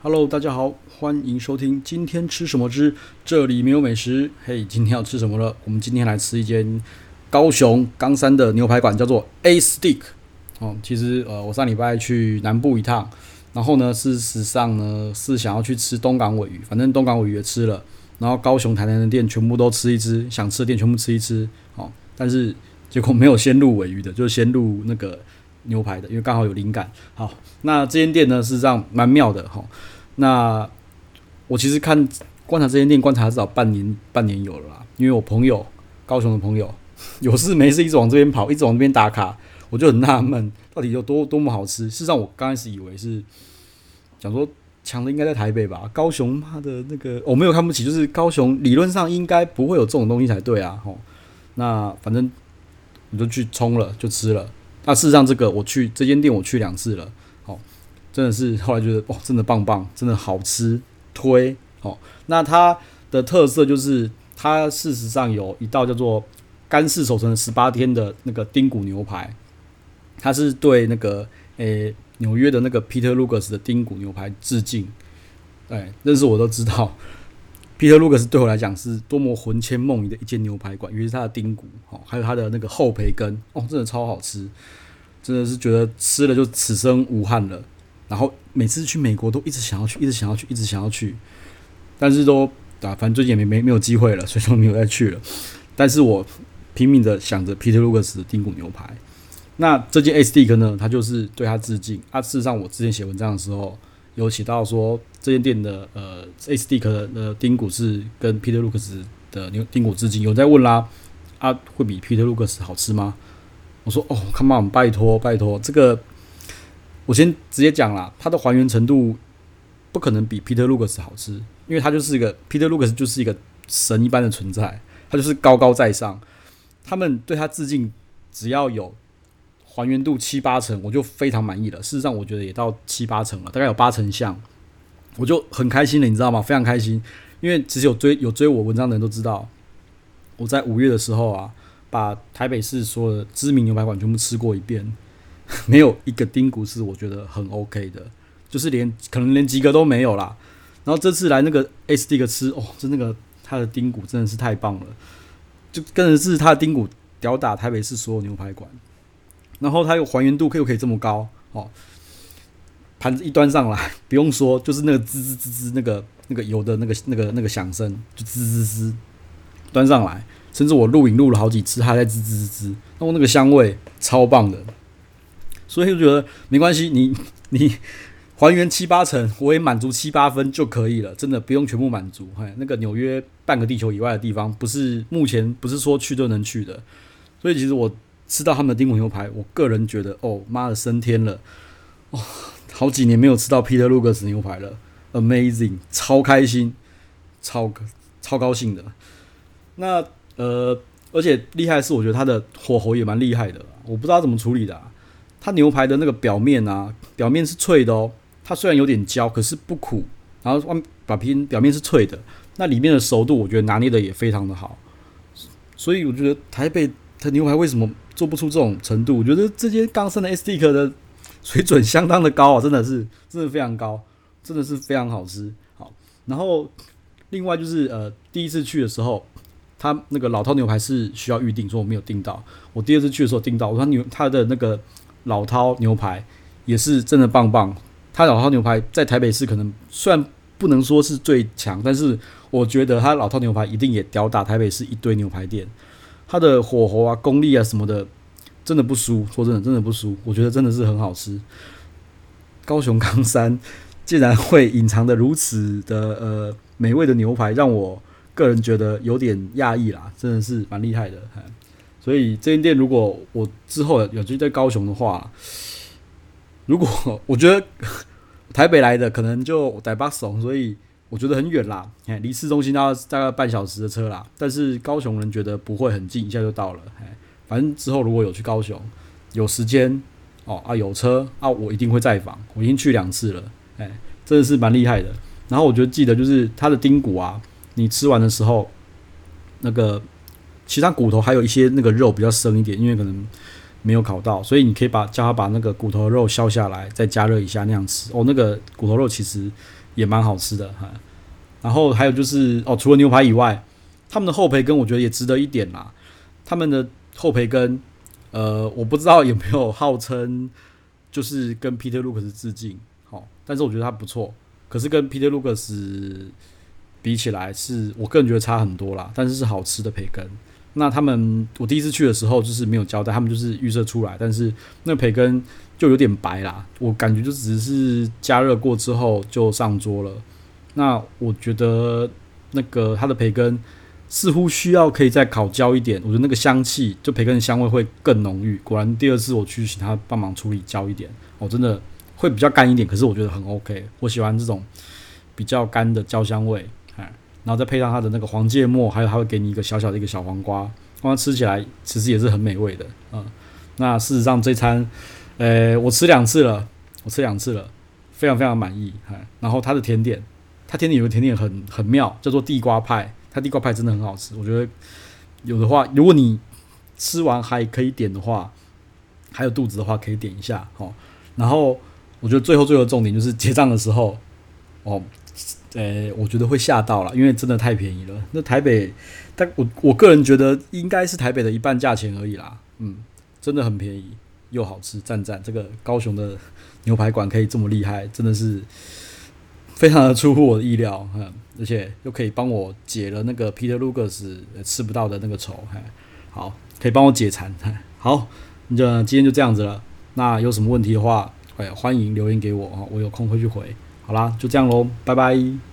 Hello，大家好，歡迎收聽今天吃什麼之這裡沒有美食。嘿、hey，今天要吃什麼了？我們今天來吃一間高雄岡山的牛排館，叫做 A Steak。哦，其實呃，我上禮拜去南部一趟，然後呢，事實上呢是想要去吃東港鮪魚，反正東港鮪魚也吃了，然後高雄、台南的店全部都吃一吃，想吃的店全部吃一吃。哦，但是結果沒有先入鮪魚的，就先入那個。牛排的，因為剛好有靈感。好，那這間店呢是這樣蠻妙的哈。那我其實看觀察這間店，觀察至少半年，半年有了啦。因為我朋友高雄的朋友有事沒事一直往這邊跑，一直往這邊打卡，我就很納悶，到底有多多麼好吃？事實上，我剛開始以為是講說，強的應該在台北吧，高雄它的那個我、哦、沒有看不起，就是高雄理論上應該不會有這種東西才對啊。吼，那反正你就去衝了，就吃了。那事實上，這個我去這間店，我去兩次了，哦，真的是後來覺得哇、哦，真的棒棒，真的好吃，推哦。那它的特色就是，它事實上有一道叫做乾式熟成十八天的那個丁骨牛排，它是對那個誒紐、欸、約的那個 Peter Luger's 的丁骨牛排致敬。哎、欸，那是我都知道。皮特魯克斯對我來講是多麼魂牽夢縈的一間牛排館，尤其是它的丁骨，哦，還有它的那個厚培根，哦，真的超好吃，真的是覺得吃了就此生無憾了。然後每次去美國都一直想要去，一直想要去，一直想要去，但是都，啊，反正最近也沒沒沒有機會了，所以說沒有再去了。但是我拼命的想着皮特魯克斯的丁骨牛排。那這間 A Steak 呢，它就是對他致敬。啊事實上，我之前寫文章的時候。有寫到說，這間店的呃，A Steak 的、呃、丁骨是跟 Peter Lucas 的牛丁骨致敬，有在問啦，啊，會比 Peter Lucas 好吃嗎？我說哦，Come on，拜託拜託，這個我先直接講啦，它的還原程度不可能比 Peter Lucas 好吃，因為它就是一個 Peter Lucas 就是一個神一般的存在，它就是高高在上，他們對他致敬，只要有。還原度七八成，我就非常滿意了。事實上，我覺得也到七八成了，大概有八成像，我就很開心了，你知道嗎？非常開心，因為其實有追有追我文章的人都知道，我在五月的時候啊，把台北市所有的知名牛排館全部吃過一遍，沒有一個丁骨是我覺得很 OK 的，就是連可能連及格都沒有啦。然後這次來那個 SD 的吃，哦，這那個他的丁骨真的是太棒了，就更是他的丁骨吊打台北市所有牛排館。然後它又還原度又可以這麼高，哦。盤子一端上來，不用說，就是那個滋滋滋滋，那個那個油的那個那個那個響聲，就滋滋滋，端上來，甚至我錄影錄了好幾次，還在滋滋滋滋。然後那個香味超棒的，所以我覺得沒關係，你你還原七八成，我也滿足七八分就可以了，真的不用全部滿足。哎，那個紐約半個地球以外的地方，不是目前不是說去就能去的，所以其實我。吃到他們的丁骨牛排，我個人覺得，哦媽的升天了，哇、哦！好幾年沒有吃到彼得魯克斯牛排了，Amazing，超開心，超超高興的。那呃，而且厲害的是，我覺得它的火候也蠻厲害的，我不知道怎麼處理的啊。它牛排的那個表面啊，表面是脆的哦，它雖然有點焦，可是不苦。然後外把皮表面是脆的，那裡面的熟度我覺得拿捏的也非常的好，所以我覺得台北它牛排為什麼？做不出這種程度，我覺得這些剛生的 S D 殼的水準相當的高啊，真的是，真的非常高，真的是非常好吃。好，然後另外就是呃，第一次去的時候，他那個老饕牛排是需要預定，說我沒有訂到。我第二次去的時候訂到，我他牛他的那個老饕牛排也是真的棒棒。他老饕牛排在台北市可能雖然不能說是最強，但是我覺得他老饕牛排一定也吊打台北市一堆牛排店。它的火候啊、功力啊什麼的，真的不輸。說真的，真的不輸。我覺得真的是很好吃。高雄岡山竟然會隱藏的如此的呃美味的牛排，讓我個人覺得有點訝異啦。真的是蠻厲害的。所以這間店，如果我之後有機會在高雄的話，如果我覺得台北來的可能就帶把慫，所以。我覺得很遠啦，哎，離市中心大概大概半小時的車啦。但是高雄人覺得不會很近，一下就到了。哎，反正之後如果有去高雄，有時間哦、啊有車啊，我一定會再訪。我已經去兩次了，哎，真的是蠻厲害的。然後我覺得記得就是它的丁骨啊，你吃完的時候，那個其他骨頭還有一些那個肉比較生一點，因為可能沒有烤到，所以你可以把叫他把那個骨頭肉削下來，再加熱一下那樣吃。哦，那個骨頭肉其實。也蠻好吃的哈、嗯，然後還有就是哦，除了牛排以外，他們的厚培根我覺得也值得一點啦。他們的厚培根，呃，我不知道有沒有號稱就是跟 Peter Lucas 致敬，哦，但是我覺得它不錯，可是跟 Peter Lucas 比起來，是我個人覺得差很多啦。但是是好吃的培根。那他們，我第一次去的時候就是沒有交代，他們就是預設出來，但是那個培根就有點白啦，我感覺就只是加熱過之後就上桌了。那我覺得那個它的培根似乎需要可以再烤焦一點，我覺得那個香氣就培根的香味會更濃郁。果然第二次我去請他幫忙處理焦一點，哦，真的會比較乾一點，可是我覺得很 OK，我喜歡這種比較乾的焦香味。然後再配上它的那個黃芥末，還有它會給你一個小小的一個小黃瓜，它吃起來其實也是很美味的啊、嗯。那事實上這餐，呃，我吃兩次了，我吃兩次了，非常非常滿意。嗯、然後它的甜點，它甜點有個甜點很很妙，叫做地瓜派，它地瓜派真的很好吃。我覺得有的話，如果你吃完還可以點的話，還有肚子的話可以點一下。哦、然後我覺得最後最後重點就是結賬的時候，哦。呃、欸，我覺得會嚇到了，因為真的太便宜了。那台北，但我我個人覺得應該是台北的一半價錢而已啦。嗯，真的很便宜又好吃，讚讚！這個高雄的牛排館可以這麼厲害，真的是非常的出乎我的意料，哈。而且又可以幫我解了那個 Peter Luger 吃不到的那個愁，哎，好，可以幫我解饞。好，就、嗯、今天就這樣子了。那有什麼問題的話，哎，歡迎留言給我，我有空會去回。好啦，就這樣嘍，拜拜。